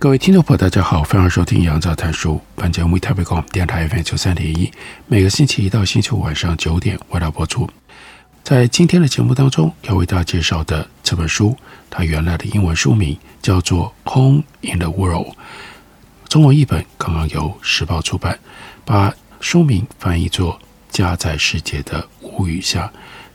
各位聽眾朋友，大家好，歡迎收聽《楊照談書》，本節目臺北廣播電臺 FM 九三點一，每個星期一到星期五晚上九點為大家播出。在今天的節目當中要為大家介紹的這本書，它原來的英文書名叫做《Home in the World》，中文譯本剛剛由時報出版，把書名翻譯作《家在世界的屋宇下》。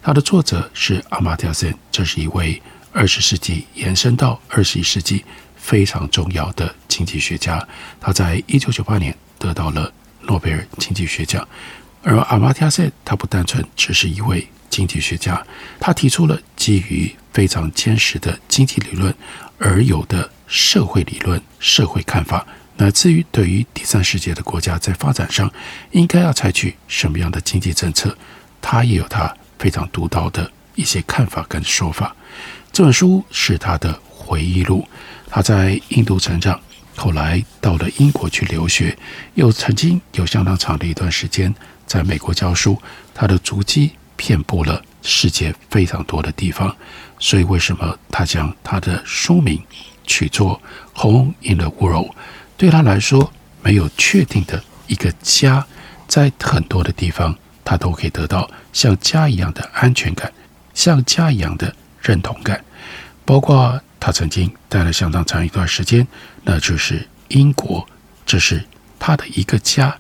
它的作者是阿瑪蒂亞森，這是一位二十世紀延伸到二十一世紀。非常重要的經濟學家，他在一九九八年得到了諾貝爾經濟學獎。而阿馬蒂亞森，他不單純只是一位經濟學家，他提出了基於非常堅實的經濟理論而有的社會理論、社會看法。乃至於對於第三世界的國家在發展上應該要採取什麼樣的經濟政策，他也有他非常獨到的一些看法跟說法。這本書是他的回憶錄。他在印度成長，後來到了英國去留學，又曾經有相當長的一段時間在美國教書。他的足跡遍佈了世界非常多的地方，所以為什麼他將他的書名取作《Home in the World》？對他來說，沒有確定的一個家，在很多的地方他都可以得到像家一樣的安全感，像家一樣的認同感，包括。他曾經待了相當長一段時間，那就是英國，這是他的一個家。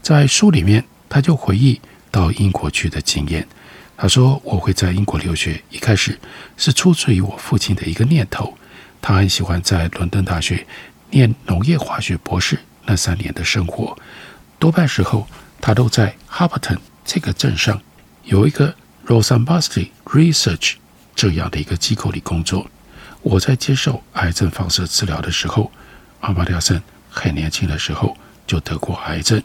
在書裡面，他就回憶到英國去的經驗。他說：“我會在英國留學，一開始是出自於我父親的一個念頭。他很喜歡在倫敦大學念農業化學博士那三年的生活。多半時候，他都在 Harpenden 這個鎮上，有一個 Rothamsted Research 這樣的一個機構裡工作。”我在接受癌症放射治療的時候，阿馬蒂亞森很年輕的時候就得過癌症，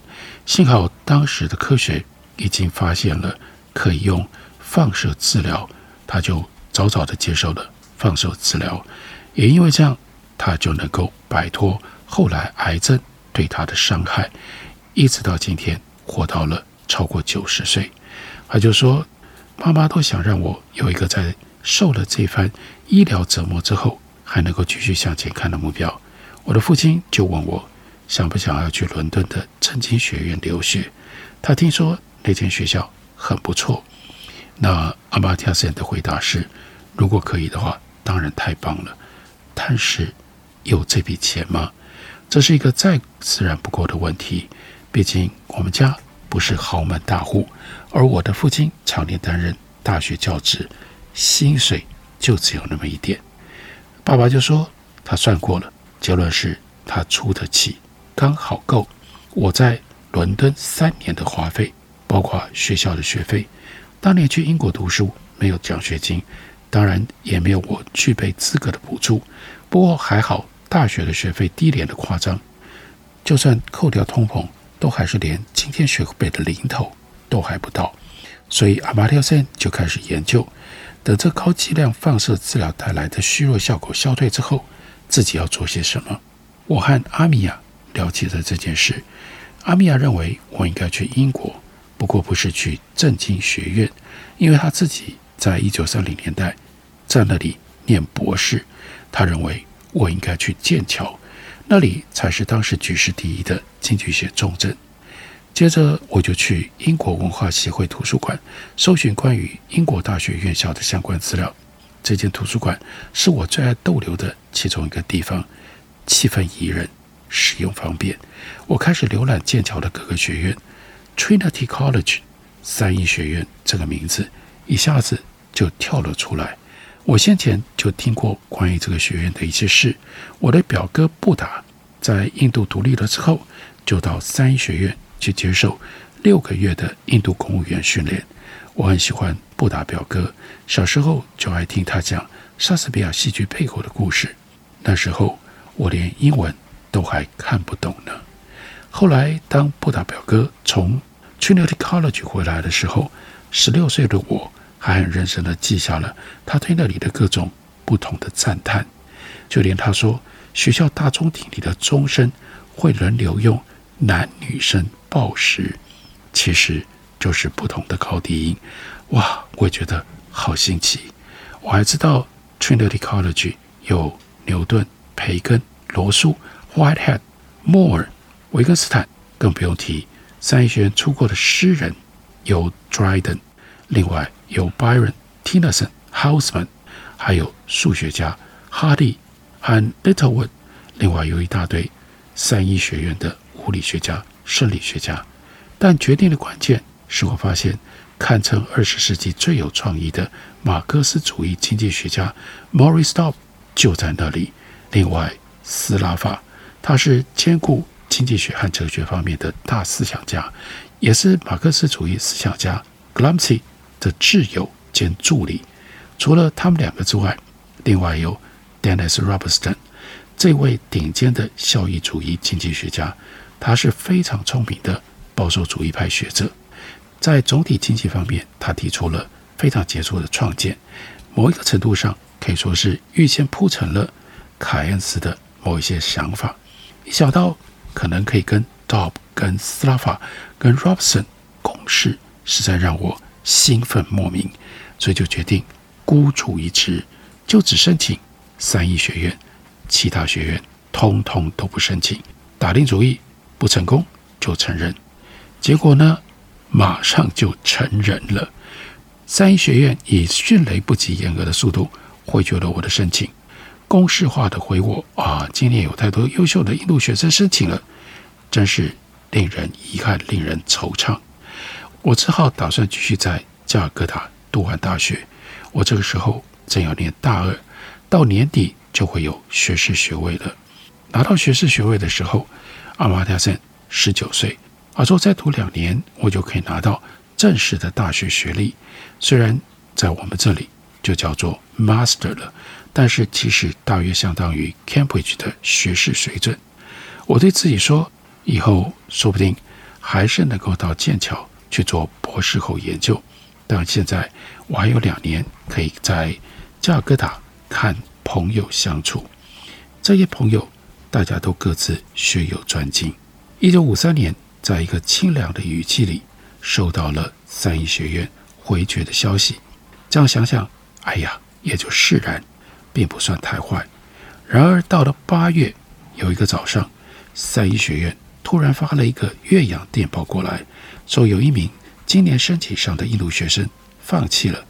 幸好當時的科學已經發現了可以用放射治療，他就早早地接受了放射治療，也因為這樣，他就能夠擺脫後來癌症對他的傷害，一直到今天活到了超過九十歲。他就說：“媽媽都想讓我有一個在受了這番。”醫療折磨之後，還能夠繼續向前看的目標，我的父親就問我，想不想要去倫敦的政經學院留學？他聽說那間學校很不錯。那阿馬蒂亞沈恩的回答是：如果可以的話，當然太棒了。但是，有這筆錢嗎？這是一個再自然不過的問題。畢竟我們家不是豪門大戶，而我的父親常年擔任大學教職，薪水，就只有那麼一點，爸爸就說他算過了，結論是他出得起，剛好夠我在倫敦三年的花費，包括學校的學費。當年去英國讀書沒有獎學金，當然也沒有我具備資格的補助，不過還好大學的學費低廉得誇張，就算扣掉通膨，都還是連今天學費的零頭都還不到。所以阿馬蒂亞森就開始研究。等這高劑量放射治療帶來的虛弱效果消退之後，自己要做些什麼？我和阿米婭了解了這件事。阿米婭認為我應該去英國，不過不是去政經學院，因為他自己在一九三零年代在那裡念博士。他認為我應該去劍橋，那裡才是當時舉世第一的經濟學重鎮。接着我就去英國文化協會圖書館搜尋關於英國大學院校的相關資料。這間圖書館是我最愛逗留的其中一個地方，氣氛宜人，使用方便。我開始瀏覽劍橋的各個學院，Trinity College（ 三一學院）這個名字一下子就跳了出來。我先前就聽過關於這個學院的一些事。我的表哥布達在印度獨立了之後就到三一學院。去接受六個月的印度公務員訓練。我很喜歡布達表哥，小時候就愛聽他講莎士比亞戲劇背後的故事。那時候我連英文都還看不懂呢。後來當布達表哥從 Trinity College 回來的時候，十六歲的我還很認真地記下了他對那裡的各種不同的讚嘆，就連他說學校大鐘亭裡的鐘聲會輪流用男女聲。暴食，其實就是不同的高低音，哇！我也覺得好新奇。我還知道，Trinity College 有牛頓、培根、羅素、Whitehead、Moore、維根斯坦，更不用提三一學院出過的詩人有 Dryden，另外有 Byron、Tennyson、Housman，還有數學家 Hardy 和 Littlewood，另外有一大堆三一學院的物理學家。生理學家，但決定的關鍵是我發現，堪稱二十世紀最有創意的馬克思主義經濟學家 Maurice Dobb 就在那裡。另外，斯拉法，他是兼顧經濟學和哲學方面的大思想家，也是馬克思主義思想家 Gramsci 的摯友兼助理。除了他們兩個之外，另外有 Dennis Robertson，這位頂尖的效益主義經濟學家。他是非常聰明的保守主義派學者，在總體經濟方面，他提出了非常傑出的創建，某一個程度上可以說是預先鋪陳了凱恩斯的某一些想法。一想到可能可以跟 Dobb、跟 Sraffa、跟 Robson 共事，實在讓我興奮莫名，所以就決定孤注一擲，就只申請三一學院，其他學院通通都不申請，打定主意。不成功就成仁，結果呢，馬上就成仁了。三一學院以迅雷不及掩耳的速度回絕了我的申請，公式化的回我啊，今年有太多優秀的印度學生申請了，真是令人遺憾，令人惆悵。我只好打算繼續在加爾各答讀完大學。我這個時候正要念大二，到年底就會有學士學位了。拿到學士學位的時候，阿馬塔森十九歲，他說，再讀兩年，我就可以拿到正式的大學學歷。雖然在我們這裡就叫做 master 了，但是其實大約相當於 Cambridge 的學士水準。我對自己說，以後說不定還是能夠到劍橋去做博士後研究。但現在我還有兩年，可以在加爾各答看朋友相處，這些朋友，大家都各自學有專精。一九五三年，在一個清涼的雨季裡，收到了三一學院回絕的消息。這樣想想，哎呀，也就釋然，並不算太壞。然而到了八月，有一個早上，三一學院突然發了一個越洋電報過來，說有一名今年申請上的印度學生放棄了。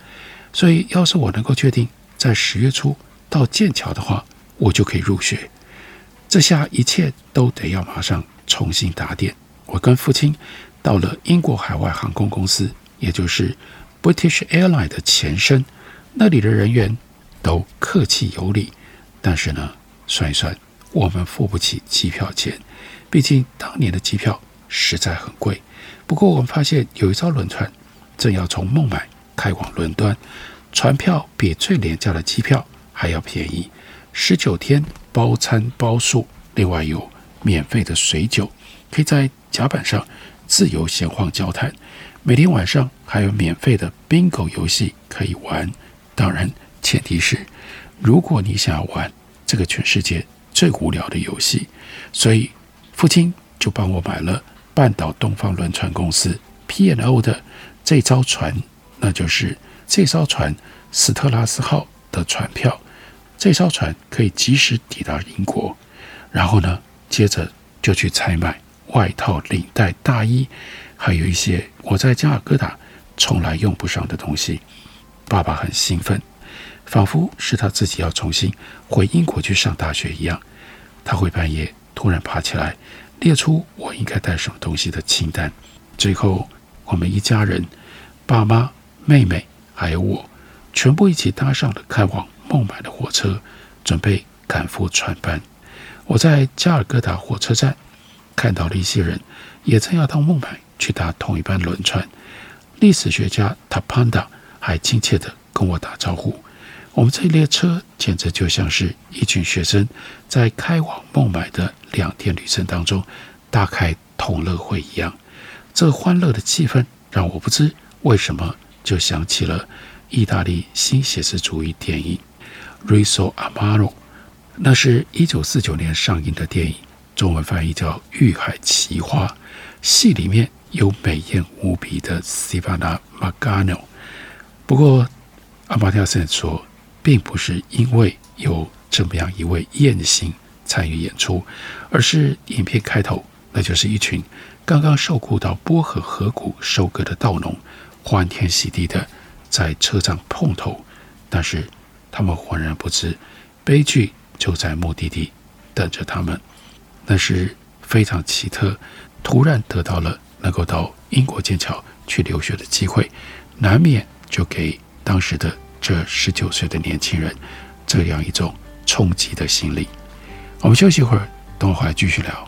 所以，要是我能夠確定在十月初到劍橋的話，我就可以入學。這下一切都得要馬上重新打點。我跟父親到了英國海外航空公司，也就是 British Airline 的前身，那裡的人員都客氣有禮。但是呢，算一算，我們付不起機票錢，畢竟當年的機票實在很貴。不過我們發現有一艘輪船正要從孟買開往倫敦，船票比最廉價的機票還要便宜。十九天包餐包宿，另外有免費的水酒，可以在甲板上自由閒晃交談。每天晚上還有免費的 bingo 遊戲可以玩。當然，前提是如果你想要玩這個全世界最無聊的遊戲。所以，父親就幫我買了半島東方輪船公司 P and O 的這艘船，那就是這艘船斯特拉斯號的船票。這艘船可以及時抵達英國，然後呢，接着就去採買外套、領帶、大衣，還有一些我在加爾各答從來用不上的東西。爸爸很興奮，仿佛是他自己要重新回英國去上大學一樣。他會半夜突然爬起來，列出我應該帶什麼東西的清單。最後，我們一家人，爸媽、妹妹還有我，全部一起搭上了開往。孟買的火車準備趕赴船班，我在加爾各答火車站看到了一些人，也正要到孟買去搭同一班輪船。歷史學家塔潘達還親切地跟我打招呼。我們這一列車簡直就像是一群學生在開往孟買的兩天旅程當中大開同樂會一樣。這歡樂的氣氛讓我不知為什麼就想起了意大利新寫實主義電影。《Riso Amaro》，那是一九四九年上映的電影，中文翻譯叫《欲海奇花》，戲裡面有美艷無比的 Sivana Magano。不過，阿馬蒂亞沈恩說，並不是因為有這麼樣一位艷星參與演出，而是影片開頭，那就是一群剛剛受僱到波河河谷收割的稻農，歡天喜地的在車站碰頭，但是。他們渾然不知，悲劇就在目的地等着他們。那是非常奇特，突然得到了能夠到英國劍橋去留學的機會，難免就給當時的這十九歲的年輕人這樣一種衝擊的心理。我們休息一會兒，等會兒繼續聊。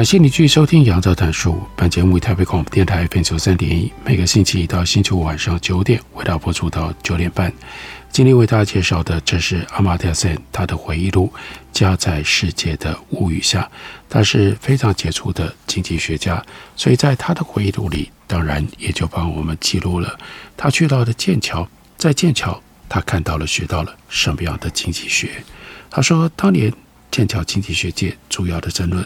感謝你繼續收聽《楊照談書》。本節目為台北廣播電台頻率三點一，每個星期一到星期五晚上九點，為大家播出到九點半。今天為大家介紹的，這是阿馬蒂亞．沈恩他的回憶錄《家在世界的屋宇下》。他是非常傑出的經濟學家，所以在他的回憶錄裡，當然也就幫我們記錄了他去到的劍橋，在劍橋他看到了、學到了什麼樣的經濟學。他說，當年劍橋經濟學界主要的爭論。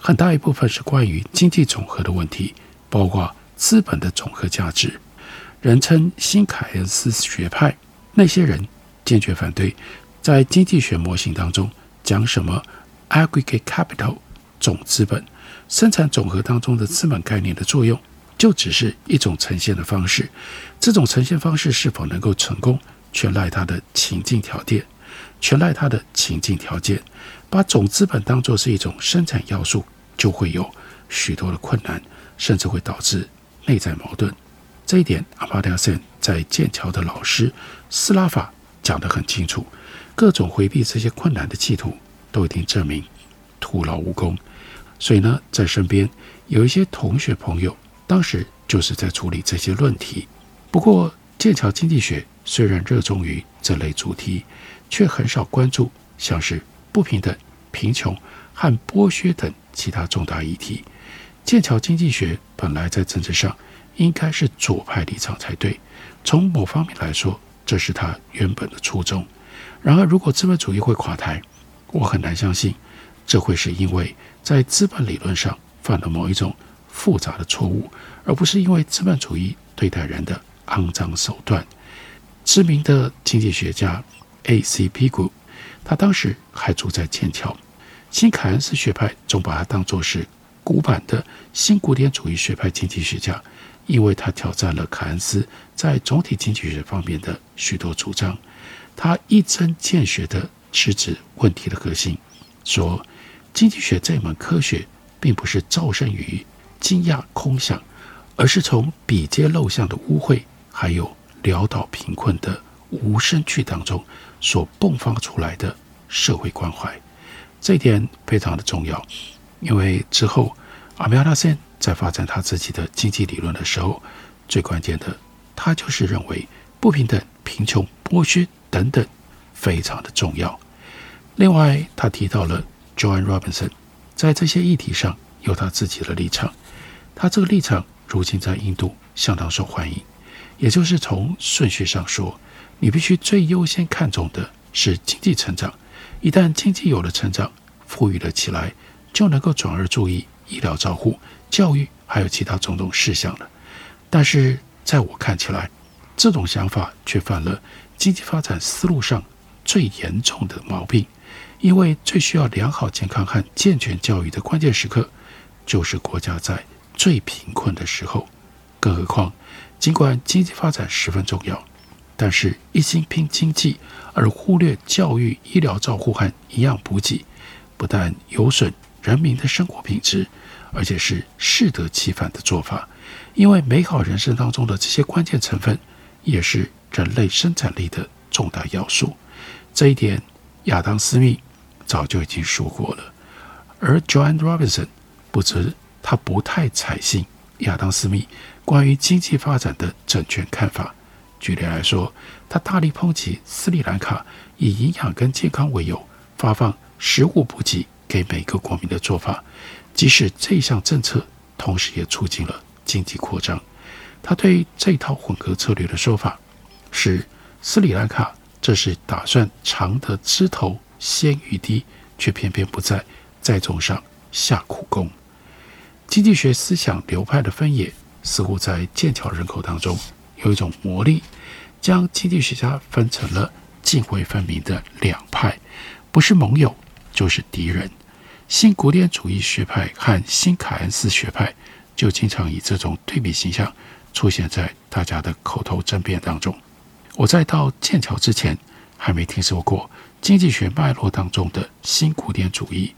很大一部分是關於經濟總和的問題，包括資本的總和價值，人稱新凱恩斯學派。那些人堅決反對在經濟學模型當中講什麼 aggregate capital 總資本、生產總和當中的資本概念的作用，就只是一種呈現的方式。這種呈現方式是否能夠成功，全賴它的情境條件，全賴它的情境條件。把總資本當作是一種生產要素，就會有許多的困難，甚至會導致內在矛盾。這一點，阿馬蒂亞森在劍橋的老師斯拉法講得很清楚。各種回避這些困難的企圖，都已經證明徒勞無功。所以呢，在身邊有一些同學朋友，當時就是在處理這些論題。不過，劍橋經濟學雖然熱衷於這類主題，卻很少關注像是，不平等、貧窮和剝削等其他重大議題。劍橋經濟學本來在政治上應該是左派立場才對，從某方面來說，這是他原本的初衷。然而，如果資本主義會垮台，我很難相信，這會是因為在資本理論上犯了某一種複雜的錯誤，而不是因為資本主義對待人的骯髒手段。知名的經濟學家 A.C. 庇古。他當時還住在劍橋，新凱恩斯學派總把他當作是古板的新古典主義學派經濟學家，因為他挑戰了凱恩斯在總體經濟學方面的許多主張。他一針見血地直指問題的核心，說：經濟學這門科學並不是肇生於驚訝空想，而是從比街陋巷的污穢，還有潦倒貧困的無聲區當中所迸發出來的社會關懷，這一點非常的重要，因為之後阿馬蒂亞．森在發展他自己的經濟理論的時候，最關鍵的他就是認為不平等、貧窮、剝削等等非常的重要。另外，他提到了 Joan Robinson 在這些議題上有他自己的立場，他這個立場如今在印度相當受歡迎。也就是從順序上說。你必須最優先看重的是經濟成長，一旦經濟有了成長，富裕了起來，就能夠轉而注意醫療照護、教育，還有其他種種事項了。但是，在我看起來，這種想法卻犯了經濟發展思路上最嚴重的毛病，因為最需要良好健康和健全教育的關鍵時刻，就是國家在最貧困的時候。更何況，盡管經濟發展十分重要，但是一心拼經濟，而忽略教育、醫療、照護和營養補給，不但有損人民的生活品質，而且是適得其反的做法。因為美好人生當中的這些關鍵成分，也是人類生產力的重大要素。這一點，亞當·斯密早就已經說過了。而 Joan Robinson 不知他不太採信亞當·斯密關於經濟發展的正確看法。舉例來說，他大力抨擊斯里蘭卡以營養跟健康為由發放食物補給給每個國民的做法，即使這項政策同時也促進了經濟擴張。他對這套混合策略的說法是：斯里蘭卡這是打算嚐得枝頭鮮欲滴，卻偏偏不在栽種上下苦功。經濟學思想流派的分野似乎在劍橋人口當中，有一種魔力，將經濟學家分成了涇渭分明的兩派，不是盟友就是敵人。新古典主義學派和新凱恩斯學派就經常以這種對比形象出現在大家的口頭爭辯當中。我在到劍橋之前，還沒聽說過經濟學脈絡當中的新古典主義，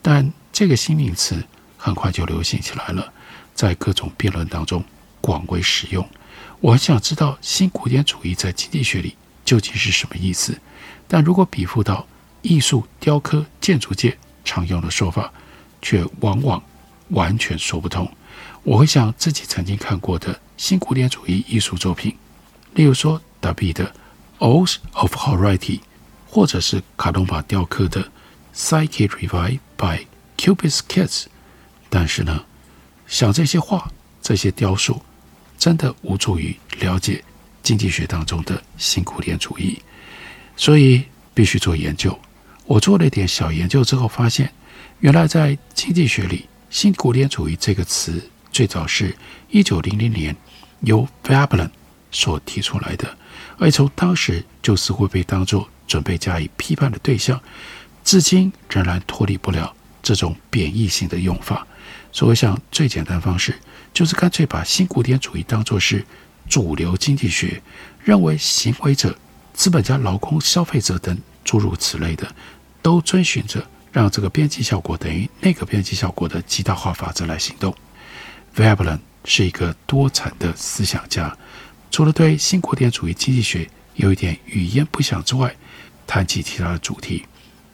但這個新名詞很快就流行起來了，在各種辯論當中廣為使用。我很想知道新古典主義在經濟學裡究竟是什麼意思，但如果比附到藝術、雕刻、建築界常用的說法，卻往往完全說不通。我會想自己曾經看過的新古典主義藝術作品，例如說達·芬的《Oath of Horatii》，或者是卡東法雕刻的《Psyche Revived by Cupid's Kiss》。但是呢，想這些畫、這些雕塑。真的無助於了解經濟學當中的新古典主義，所以必須做研究。我做了一點小研究之後，發現原來在經濟學裡，「新古典主義」這個詞最早是一九零零年由 Veblen 所提出來的，而從當時就似乎被當作準備加以批判的對象，至今仍然脫離不了這種貶義性的用法。所以我想最簡單方式。就是乾脆把新古典主義當作是主流經濟學，認為行為者、資本家、勞工、消費者等諸如此類的，都遵循着讓這個邊際效果等於那個邊際效果的極大化法則來行動。Veblen 是一個多產的思想家，除了對新古典主義經濟學有一點語焉不詳之外，談起其他的主題，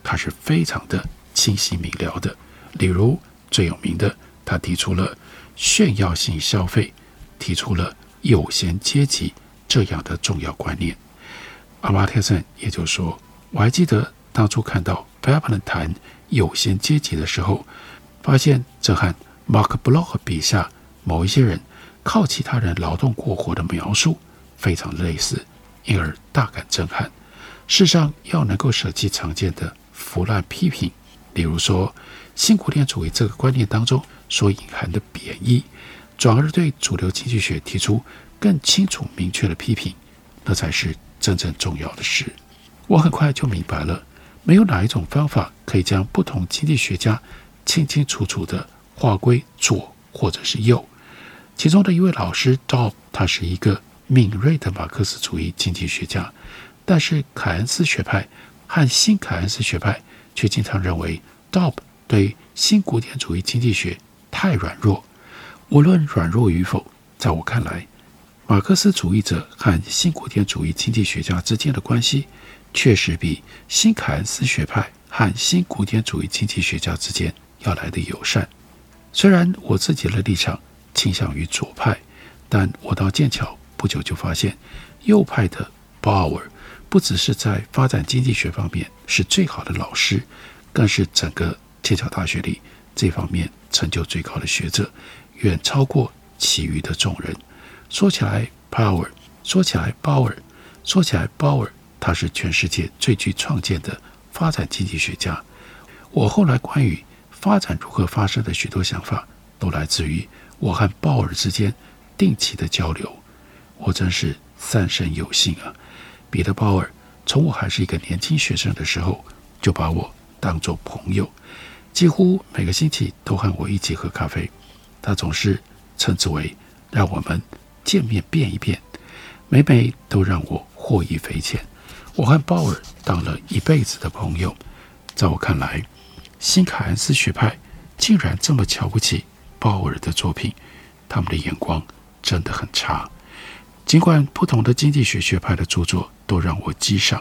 他是非常的清晰明了的。例如最有名的，他提出了。炫耀性消費，提出了“有閒階級”這樣的重要觀念。阿馬特森，也就說，我還記得當初看到佩普蘭談“有閒階級”的時候，發現這和馬克·布洛赫筆下某一些人靠其他人勞動過活的描述非常類似，因而大感震撼。世上要能夠捨棄常見的腐爛批評，例如說“新古典主義”這個觀念當中所隱含的貶義，轉而對主流經濟學提出更清楚明確的批評，那才是真正重要的事。我很快就明白了，沒有哪一種方法可以將不同經濟學家清清楚楚地劃歸左或者是右。其中的一位老師 Dobb，他是一個敏銳的馬克思主義經濟學家，但是凱恩斯學派和新凱恩斯學派卻經常認為 Dobb 對新古典主義經濟學。太軟弱。無論軟弱與否，在我看來，馬克思主義者和新古典主義經濟學家之間的關係確實比新凱恩斯學派和新古典主義經濟學家之間要來得友善。雖然我自己的立場傾向於左派，但我到劍橋不久就發現，右派的 Bauer 不只是在發展經濟學方面是最好的老師，更是整個劍橋大學裡。這方面成就最高的學者，遠超過其餘的眾人。說起來 Bauer 說起來，鮑爾；說起來，鮑爾，他是全世界最具創見的發展經濟學家。我後來關於發展如何發生的許多想法，都來自於我和鮑爾之間定期的交流。我真是三生有幸啊！彼得·鮑爾從我還是一個年輕學生的時候，就把我當作朋友。幾乎每個星期都和我一起喝咖啡，他總是稱之為“讓我們見面變一變”，每每都讓我獲益匪淺。我和鮑爾當了一輩子的朋友，在我看來，新凱恩斯學派竟然這麼瞧不起鮑爾的作品，他們的眼光真的很差。儘管不同的經濟學學派的著作都讓我激賞。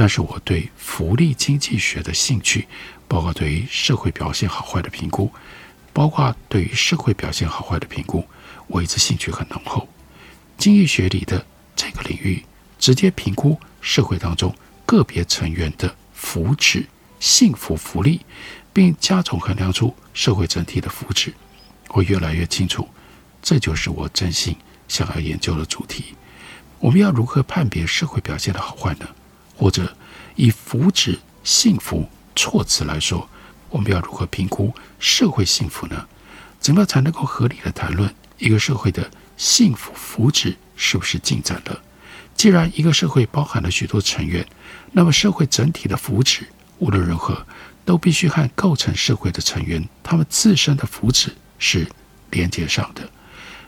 但是我對福利經濟學的興趣，包括對於社會表現好壞的評估，包括對於社會表現好壞的評估，我一直興趣很濃厚。經濟學裡的這個領域，直接評估社會當中個別成員的福祉、幸福、福利，並加重衡量出社會整體的福祉。我越來越清楚，這就是我真心想要研究的主題。我們要如何判別社會表現的好壞呢？或者以福祉、幸福措辭來說，我們要如何評估社會幸福呢？怎麼才能夠合理的談論一個社會的幸福福祉是不是進展了？既然一個社會包含了許多成員，那麼社會整體的福祉無論如何都必須和構成社會的成員他們自身的福祉是連接上的。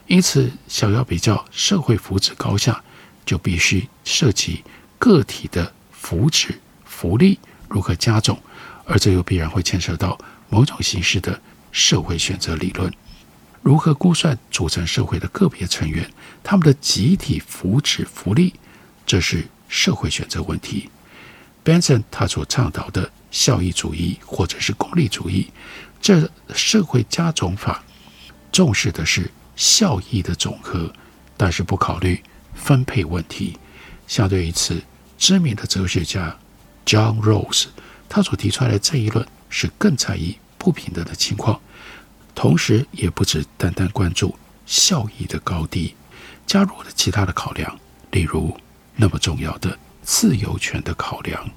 因此，想要比較社會福祉高下，就必須涉及個體的。福祉福利如何加總，而這又必然會牽涉到某種形式的社會選擇理論。如何估算組成社會的個別成員，他們的集體福祉福利？這是社會選擇問題。Benson 他所倡導的效益主義或者是功利主義，這社會加總法重視的是效益的總和，但是不考慮分配問題，相對於此。知名的哲學家 John Rawls 他所提出來的這一論是更在意不平等的情況，同時也不只單單關注效益的高低，加入了其他的考量，例如那麼重要的自由權的考量。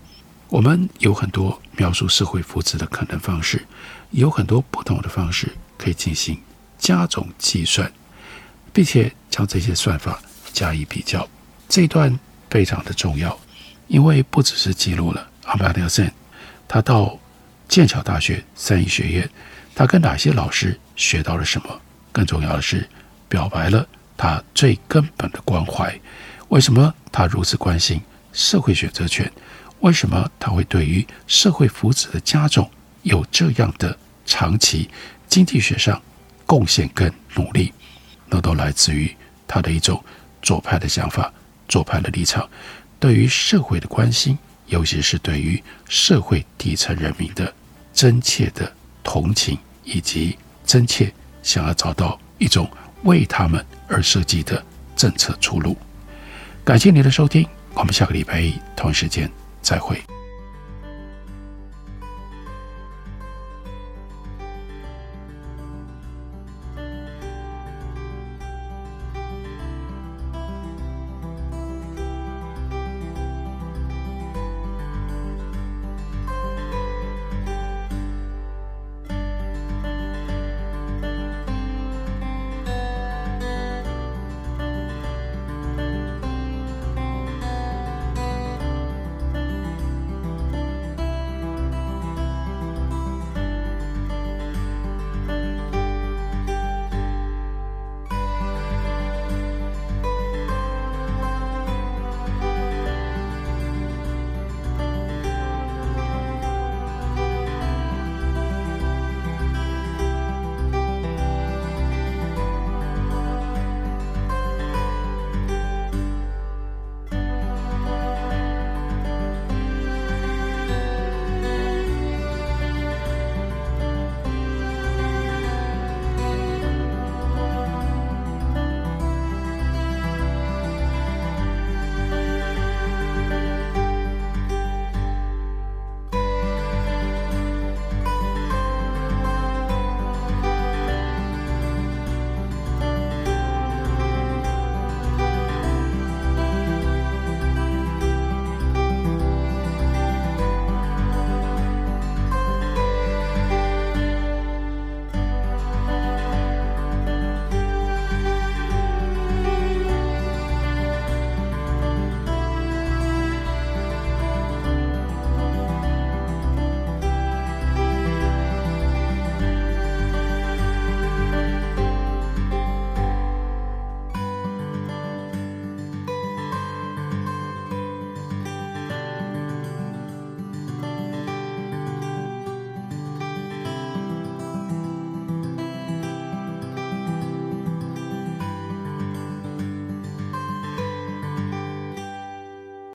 我們有很多描述社會福祉的可能方式，有很多不同的方式可以進行加總計算，並且將這些算法加以比較。這一段非常的重要。因為不只是記錄了阿馬蒂亞森，他到劍橋大學三一學院，他跟哪些老師學到了什麼？更重要的是，表白了他最根本的關懷：為什麼他如此關心社會選擇權？為什麼他會對於社會福祉的加重有這樣的長期經濟學上貢獻跟努力？那都來自於他的一種左派的想法、左派的立場。對於社會的關心，尤其是對於社會底層人民的真切的同情，以及真切想要找到一種為他們而設計的政策出路。感謝您的收聽，我們下個禮拜同一時間再會。